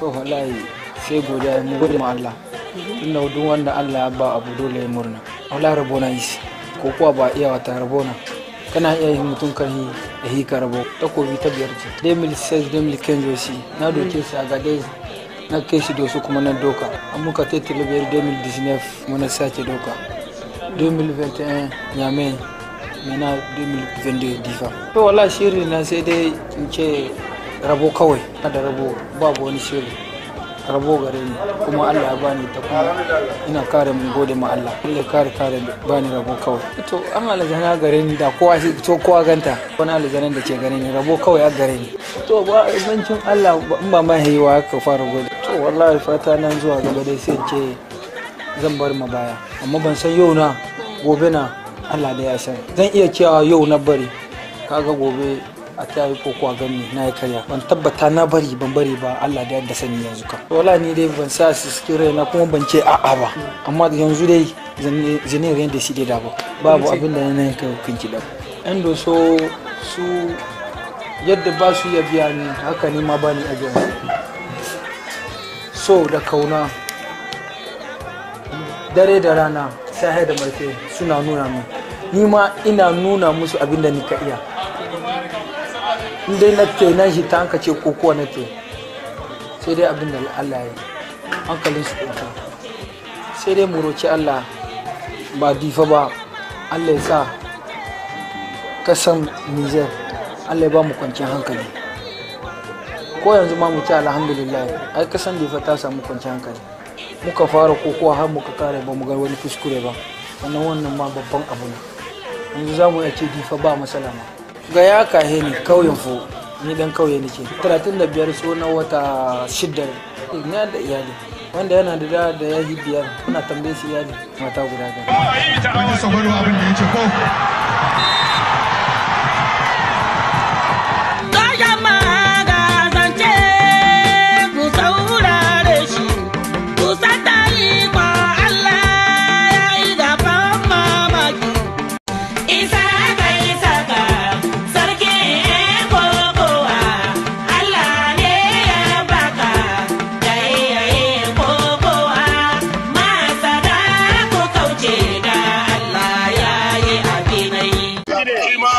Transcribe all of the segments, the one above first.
to wallahi sai godiya mu gode ma Allah inda duk wanda Allah ya ba abu dole ya murna wallahi rabo na yi ko kuwa ba iya wata rabo na kana iya yin mutum karhi da yi ka rabo takobi ta biyar ce 2006 2015 josi na doke su a gade. na ke shi dosu kuma na doka an muka ta talibiyar 2019 kuma na sake doka 2021 mai mena 2022 to wallahi shirin na sai dai in ce rabo kawai da rabo babu wani shiri rabo gare ni kuma Allah ya bani ta kuma ina kare mun gode ma Allah ina kare kare bani rabo kawai to an alazana gare ni da kowa shi to kowa ganta wani alzanan da ke gare ni rabo kawai a gare ni to ba zancin Allah in ba ma haiwa ka fara gode to wallahi fata nan zuwa gaba dai sai ce zan bar ma baya amma ban san yau na gobe na Allah da ya san zan iya cewa yau na bari kaga gobe a ta yi ko kuwa gani na yi karya ban tabbata na bari ban bari ba Allah da yadda sani yanzu kan wala ni dai ban sa su cikin raina kuma ban ce a'a ba amma yanzu dai zanen rai da shi dai da ba babu abin da na yanka ki da yan doso su yadda ba su iya biya ni haka ne ma bani a biya so da kauna dare da rana sahaya da marfe suna nuna min ni ma ina nuna musu abin da ka iya dai na ke nan hita an ka ce kokowa na ke sai dai abin da Allah ya hankalin su kuta sai dai muroci Allah ba difa ba Allah ya sa kasan Niger Allah ya ba mu kwanciyar hankali ko yanzu ma mu ce alhamdulillah ai kasan difa ta samu kwanciyar hankali muka fara kokowa har muka kare ba mu ga wani kuskure ba wannan wannan ma babban abu ne yanzu za mu iya ce difa ba matsala ma ga ya kahe ni kauyen fo ni dan kauye ce 35 tsohon wata shidda eh, ina da iyali wanda yana da da da yahi biyar muna tambaye su iyali mata guda gari. Ba yi ta abin da ya ko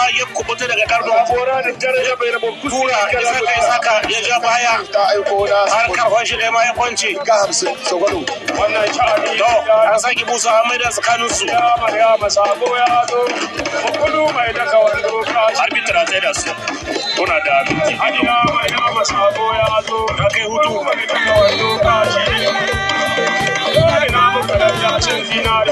ya kubuta daga karfin tura ya saka ya saka ya ja baya har karfin shi ma ya kwance to an saki busa an maida tsakanin su arbitra tsaye da su tuna da minti ka kai hutu da zinari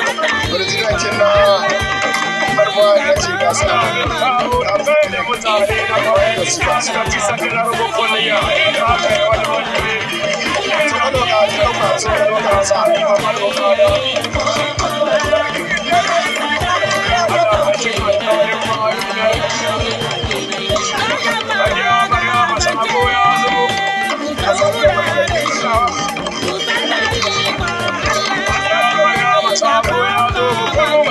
mwana chikaskani apende mutare nakwenda chikaskatisakira robokonia akaevana manyereri tivanokati nokwatsokanokasani vamanokada Oh,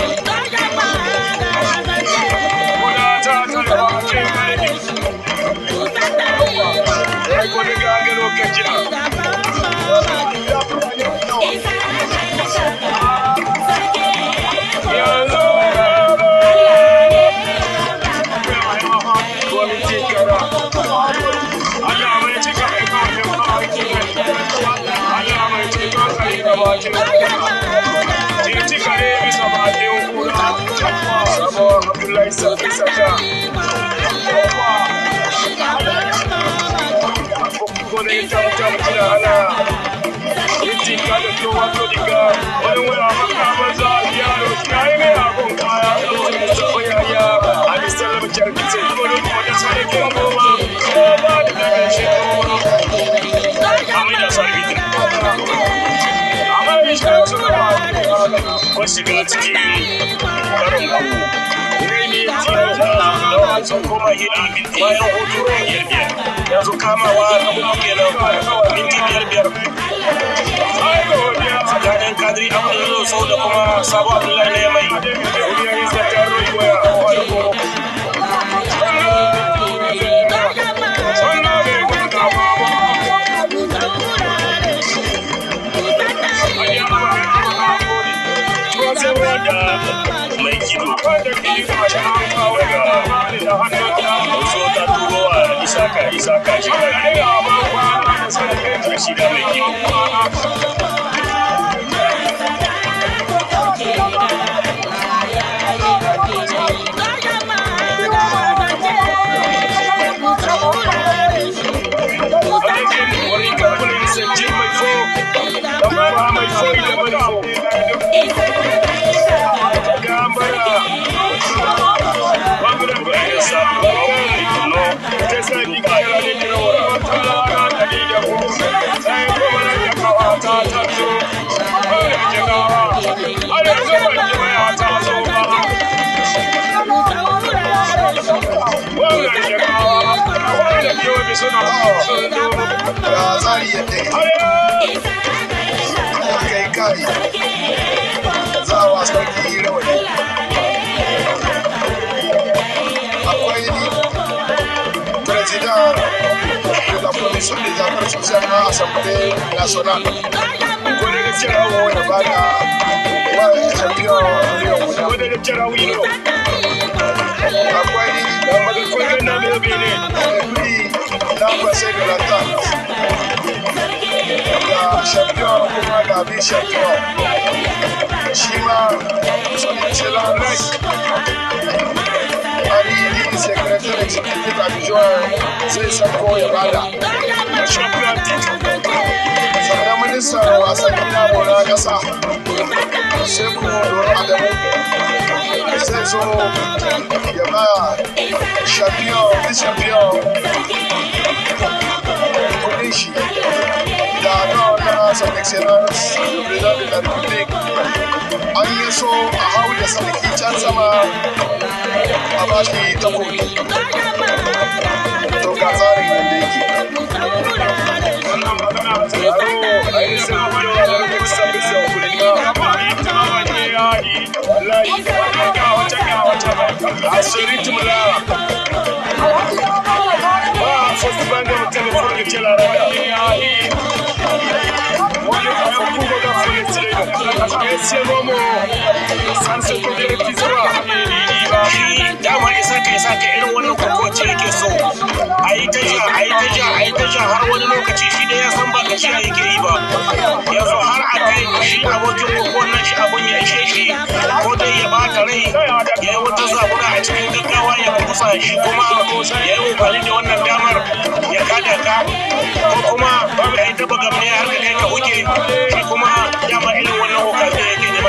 shiga cikin karin abu rini tsaro da wasan koma gida minti bayan hutu biyar biyar yanzu kamawa abu muke nan minti tsakanin kadiri a kwallo sau da kuma sabo abdullahi ne mai mai kido da hannun da so ta turo a isaka isaka se encuentra en el equipo. suna razari ya take kai kari za a wasu sarki rawani akwai ni president de la commission des affaires sociales à l'Assemblée nationale kudin jirawo da bada wa champion kudin jirawo yi akwai da magakon nan da bene nampaseka la tano la champion kuma la bi champion shi ma sunicela rec ari di secrétaire exécutif adjoint c'est Sanko Yabada champion titre sannan ministan wasan kafa bola kasa sai mu adamu sai zo ya ba shafiyo shafiyo kudin shi da nawa na san excellence president da republic an yi so a hau da sarki can sama a bashi takobi Asiriti mlawa. Wa fosi damar isa kai sa ka irin wannan kwakwace yake so a yi ta ja a yi ta ja a yi ta ja har wani lokaci shi da ya san ba ka shiya yake yi ba yanzu har a kai shi abokin kwakwar nan shi abun ya ishe shi ko dai ya bata rai ya yi wata zabura a cikin gaggawa ya kusa shi kuma ya yi amfani da wannan damar ya kada ka ko kuma ka yi taba gabne har ka kai ka huke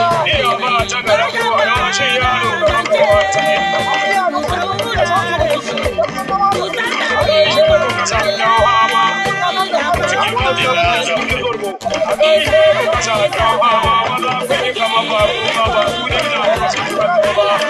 iya ba ta ga rago a yau shi yaro ga kowa ta yi Thank you.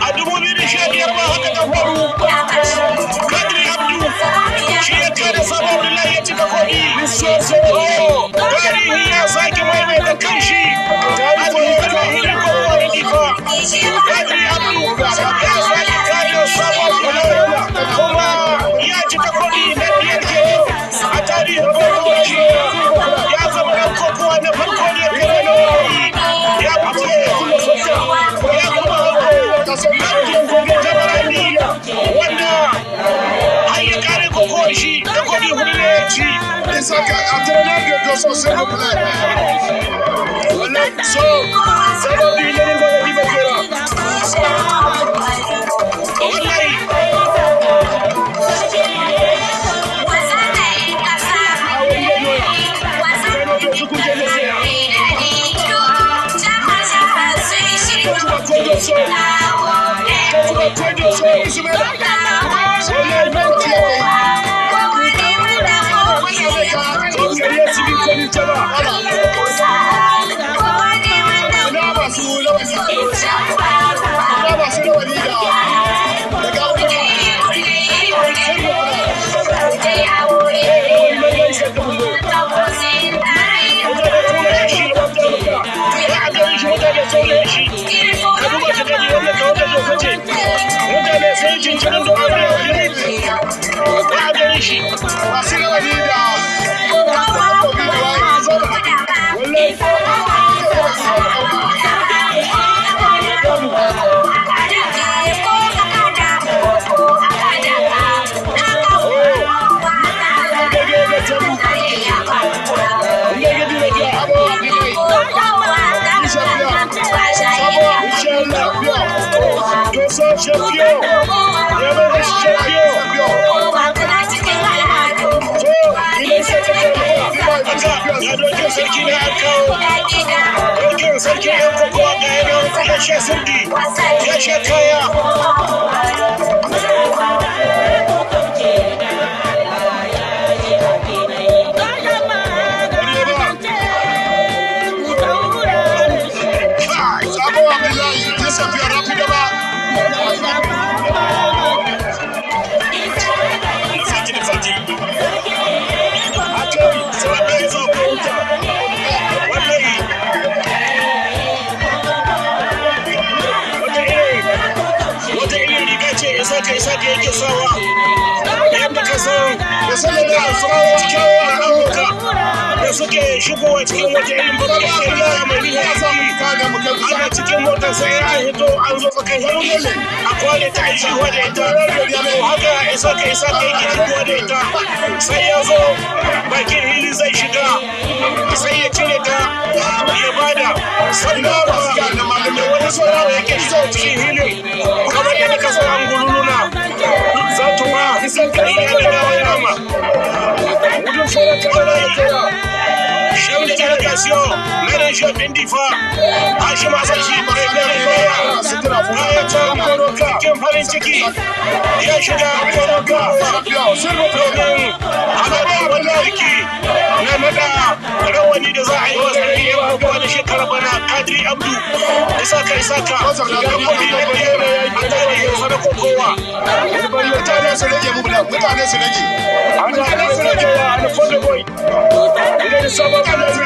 a dubu biyu da sha biyar ma haka ta faru kadri abdu shi ya kada sabon ya cika kofi tarihi ya sake maimaita kanshi Attenez que Dieu soit sur so, ça champion. Never is champion. Dokin sarki na an kawo. Dokin sarki ya kaya. shigowa cikin waje irin babban shirya mai ya samu ana cikin motar sai ya hito an zo tsakan hirgele a kone ta yi shigowa da ita haka ya isa ka isa ka yi shigowa da ita sai ya zo bakin hili zai shiga sai ya cire ta a bada sannan da wani saurawa yake zuwa cikin hili kamar yadda ka an gululuna za ta ma iya da dama dama. Gudun sauran ta County. Interrogation, mesdames je bindifa, aji masashi bare bare baya, sutura fuha ya ta koroka, kin farin ciki, ya shiga koroka, sirri domin alada ballarki na nada rawani da za a yi wa sarki ya kuma bana kadri abdu isaka isaka da kudi na biyar a tarihin sadakon kowa. Mutane su wa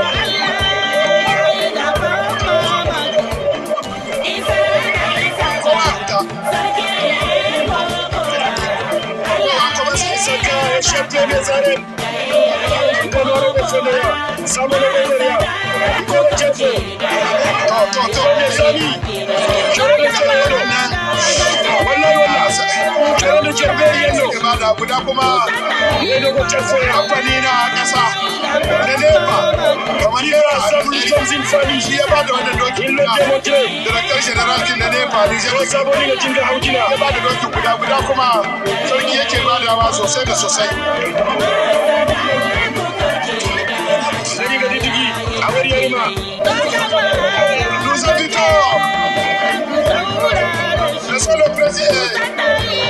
Poloro Besoneya, Samuel Besoneya, Nico Cheto, guda kuma ne na kasa da nema kamar yana samun jamzin fani shi ya bada wannan na Director General din da nema Nijar Sabo ne jin ga haujina ya bada dokin guda guda kuma sarki yake badawa sosai da sosai Seriga Ditigi, Avery Arima. Nous invitons Monsieur le Président,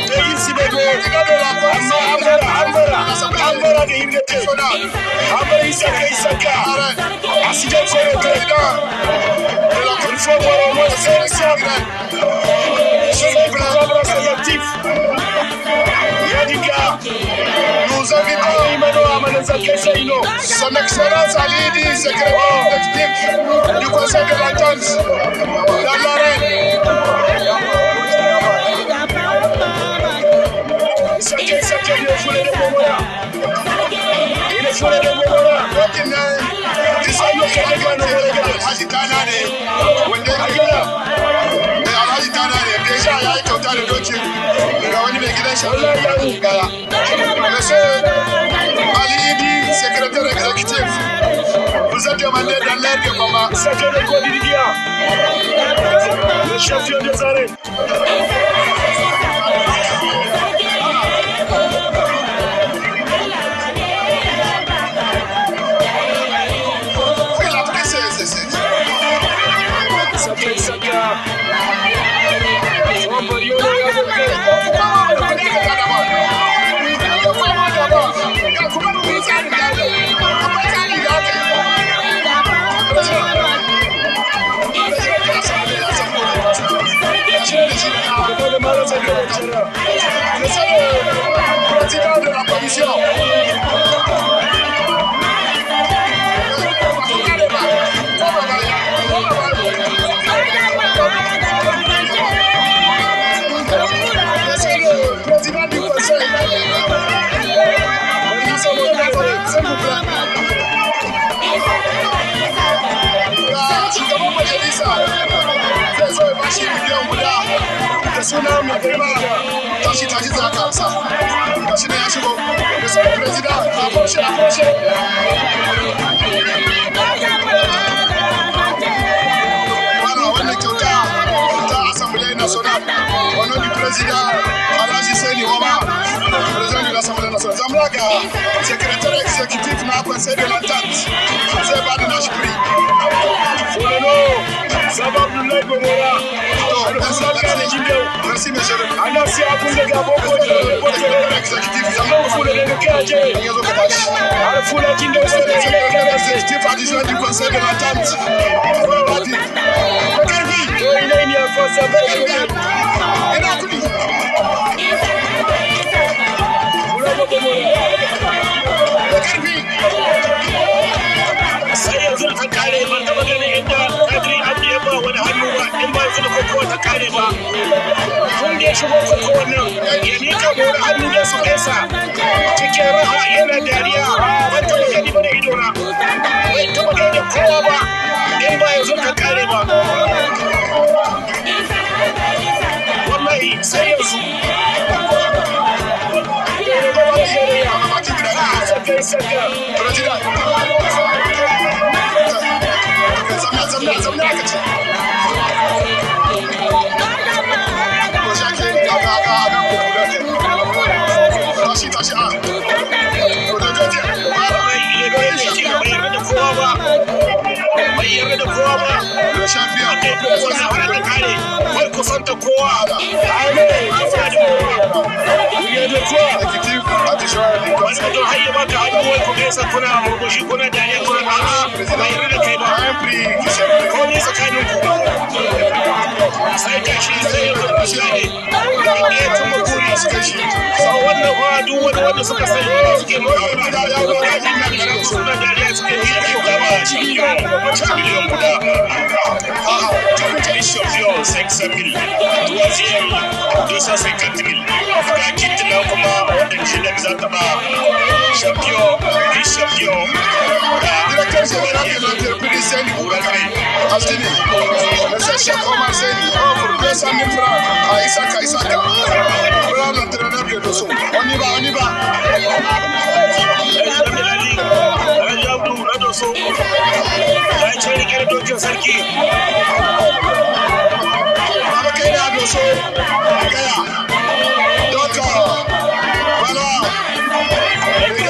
Pays Sibégo, Amara, Amara, Amara de Hinde Tefona, Amara Isaka Isaka, Assidian Sere Président, de la Conférence Parlementaire Serre Monsieur le Président, Sélectif. Yadika. Nous invitons imano Amanezake Seino, son excellence Ali Idi, secrétaire exécutif du Conseil de l'Entente dans l'arène. Sachez, sachez, il est wata da doce ga wani mai gidan shi da su alibi secretary executive vous êtes demandé dans l'air de maman c'est le code d'India le chef des arrêts señores, señores. Les Presidente de la comisión. tachitachidzira kabisa pachina yachiko mupurezida aposhe aposhe vana vanekeuta ta asambleya national vanoni purezida alashiseni wava purezida de l'assemblée nationale zamlaga secrétaire exécutif na conseil de l'entente conseil bade na chipri folelo Ça lengo moya ça. nikideu Merci, akunde gabokoeoteekeaje alifuna Merci Saya akan in ba su da koko ta kare ba tun da ya shigo kokowa nan ya mika bola hannu da su kaisa cikin raha yana dariya ban taɓa gani ba da idona bai taɓa gani da kowa ba in ba yanzu ta kare ba wallahi sai yanzu Santa Claus. Amen. Amen. Amen. Amen. Amen. Amen. wani don har ba ka abubuwan ku gaisa kuna murmushi kuna dariya kuna a'a ba yarda da kai ba ko ne tsakanin ku sai ka shi sai ya zama shi ne da ya tuma kuri suka shi sau wannan ba duk wani wanda suka sani wanda suke murmushi da dariya da dariya suna dariya suke yi da kuma ba shi miliyan miliyan guda Competition Champion 500 000, 350 000, Kaki Tinakuma tamam Şampiyon, bir şampiyon Bırakın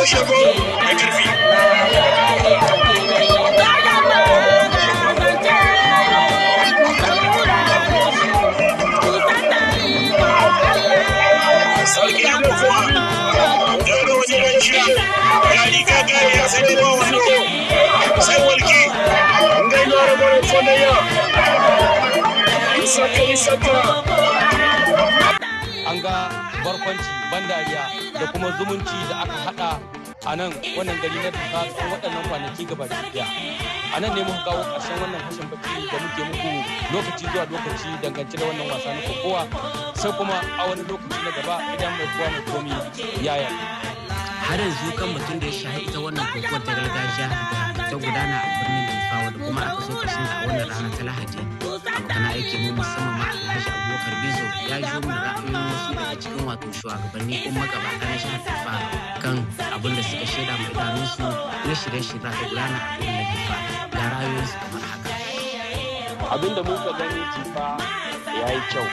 ṣoko ẹ̀jẹ̀ fi. Só que isso é kwanci ban dariya da kuma zumunci da aka hada a nan wannan gari na duka tsawon waɗannan kwanaki gaba da daya a nan ne muka kawo ƙarshen wannan kashin baki da muke muku lokaci zuwa lokaci dangance da wannan wasa na kokowa sai kuma a wani lokaci na gaba idan mai kowa mai komi yaya har yanzu kan mutum da ya shahi ita wannan kokowar ta gargajiya ta gudana a birnin Jifawa da kuma aka so ka a wannan rana ta Lahadi abokan aiki mu musamman alhaji abubakar gizo ya ji mu ra'ayoyin wasu daga cikin wato shugabanni kuma magabata na jihar difa kan abin da suka shaida mai idanunsu na shirye-shirye da gudana a birnin difa ga ra'ayoyinsu kamar haka. abin da muka gani difa ya yi kyau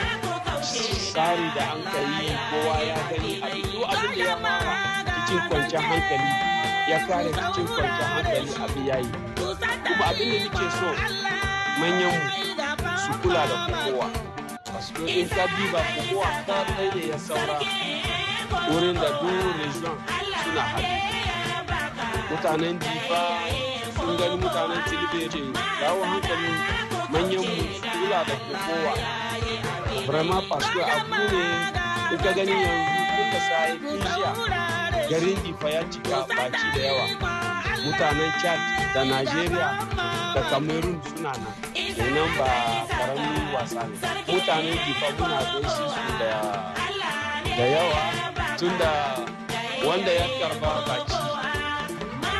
tsari da an kai kowa ya gani abin da ya fara cikin kwanciyar hankali ya kare cikin kwanciyar hankali abin ya yi. kuma abin da nake so manyan su kula da kowa to in Sabiba diba kokowa kaɗai ne ya saura wurin da duk region suna haɗu mutanen difa sun gani mutanen tilibere dawo hankalin manyan mu kula da kokowa vraiment parce que abu ne in ka gani yanzu duka sai jiya garin difa ya cika baki da yawa mutanen chad da Najeriya da Kamerun suna nan ba wasa ne mutanen jifa muna gaishe su da yawa tunda wanda ya karba baki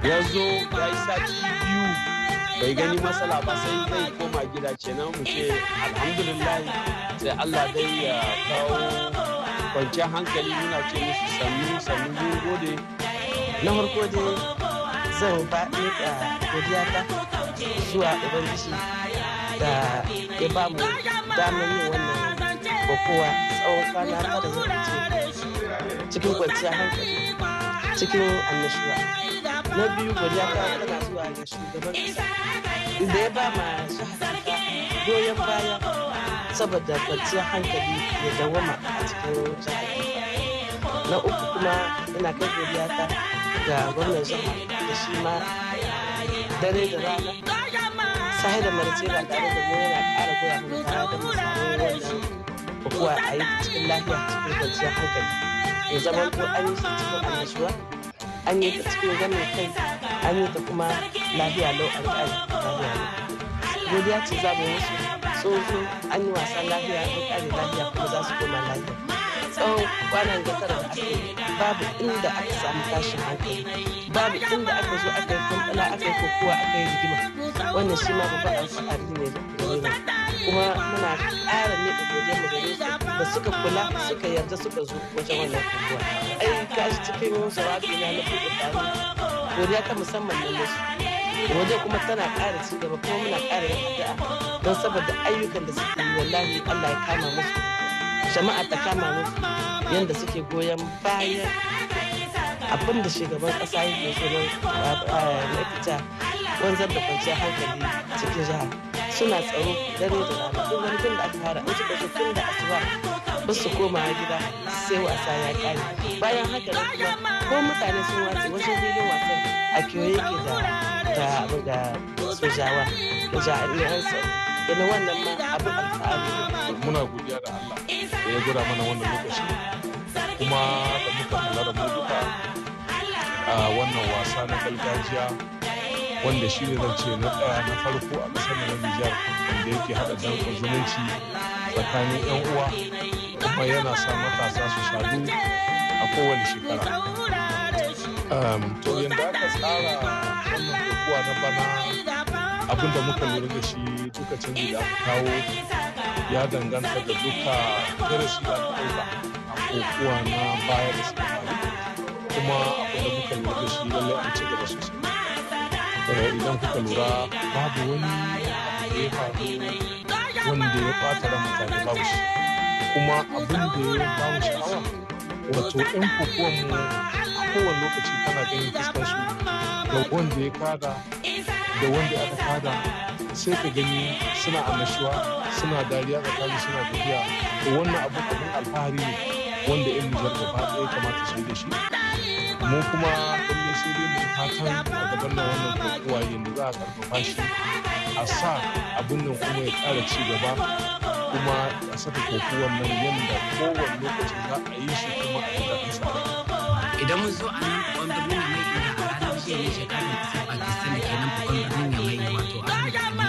ya zo ya yi sati biyu bai gani matsala ba sai zai koma gida kenan mu ce alhamdulillah sai allah dai ya kawo kwanciyar hankali muna ce musu sannu sannu mun gode na farko dai zan ba da godiya ta zuwa ubangiji da ya ba mu damar yin wannan kokowa tsawon kwana da zai cikin kwanciyar hankali cikin annashuwa na biyu godiya ta na zuwa ga shugaban da ya ba ma goyon baya saboda kwanciyar hankali ya dawama a cikin jihar na uku kuma ina kai godiya ta ga gwamnan jihar da shi ma dare da rana sahi da marace ba tare da mu yana ƙara goya mu tare da mu samu kuwa a yi cikin lafiya cikin kwanciyar hankali ya zama ko an yi ta cikin annashuwa an yi ta cikin ganin kai an yi ta kuma lafiya lau an ƙare lafiya lau godiya ce za mu musu tsoho an yi wasan lafiya an ƙare lafiya kuma za su koma lafiya tsawon kwanan da tara babu inda aka samu tashin hankali babu inda aka zo aka yi kwanfala aka yi kokowa aka yi rigima wannan shi ma babban alfahari ne da kuma muna ƙara ne da godiya mu gare su da suka kula suka yarda suka zo wajen wannan kokowa ai ka ji cikin wafi na na buɗe taro godiya ta musamman na musu waje kuma tana ƙara ci gaba kuma muna ƙara yin addu'a don saboda ayyukan da suke yi wallahi Allah ya kama musu jama'a ta kama ne yadda suke goyon bayan abin da shugaban ƙasa yake so na fita wanzar da kwanciyar hankali cikin jiha, suna tsaro dare da rana duk wani tun da aka fara an shiga tun da asuba ba su koma gida sai wasa ya kare bayan haka da kuma ko mutane sun wace wajen filin wasan a kewaye ke da da sojawa da jami'an tsaro. Yana wannan ma abin alfahari. Muna godiya da Allah. da ya gura mana wannan lokaci kuma da muka kula da duka a wannan wasa na gargajiya wanda shi ne zan ce na ɗaya na farko a ƙasar na Nijar da yake haɗa danƙon zumunci tsakanin 'yan uwa kuma yana sa matasa su shaɗu a kowane shekara. to yadda aka tsara wannan kukuwa na bana abinda muka lura da shi duka canji da aka kawo ya danganta da duka darasi da ɗauka a kokowa na baya da suka kuma abin da muka lura da shi lalle an ci gaba sosai idan kuka lura babu wani da ya faru wanda ya ɓata ran mutane babu shi kuma abin da ya shi sha'awa wato ɗan kokowa mu a kowane lokaci tana ganin fuskar su da wanda ya kada da wanda aka kada sai ka gani suna annashuwa suna dariya kai suna tafiya wannan abu abin alfahari ne wanda yan nijar ba ɗaya kamata su yi da shi mu kuma kullum sai dai mu fatan a gaban nan wannan kokowa yanzu za a karfafa shi a sa abin nan kuma ya kara ci gaba kuma a saka kokowar nan yadda kowane lokacin za a yi shi kuma a yi daɗin sa idan mun zo a nan wanda muna mai ina a ranar ne shekarar pakistan da ke nan nan ya yamai wato a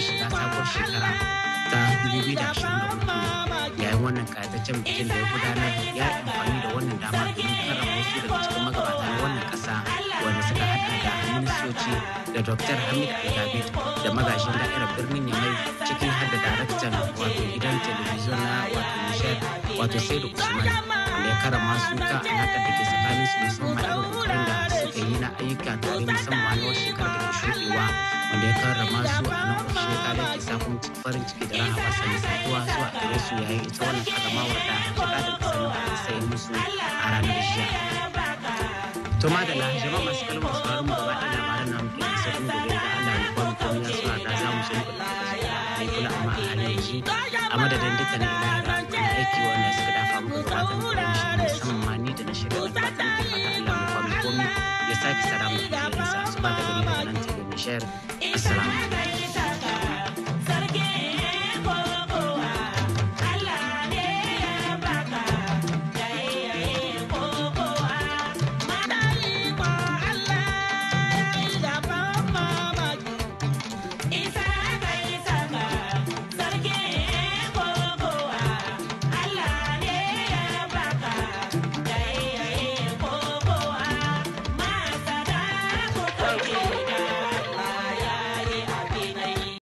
shi za shiga sabuwar shekara ta 2024 yayin wannan kayataccen bikin da ya gudanar ya amfani da wannan dama domin karrama wasu daga cikin magabata na wannan kasa wanda suka haɗa da ministoci da dr hamid algabit da magashin da'irar birnin yamai ciki har da daraktan wato gidan telebijin na wato nishar wato sai da usman wanda ya karama su ka alaƙar da ke tsakanin su musamman irin ƙoƙarin da aka yi na ayyuka tare musamman a wasu shekarar da ke shuɗewa wanda ya karrama su a nan wasu kare ke safin farin ciki da basa mai saduwa zuwa gare su yayin ita wannan karramawar da shekarar da ake sai musu a ranar jiya. To madalla jama'a masu kalmar sauraron mu gaba ɗaya da namu ke da sakon gobe السلام عليكم صباح الخير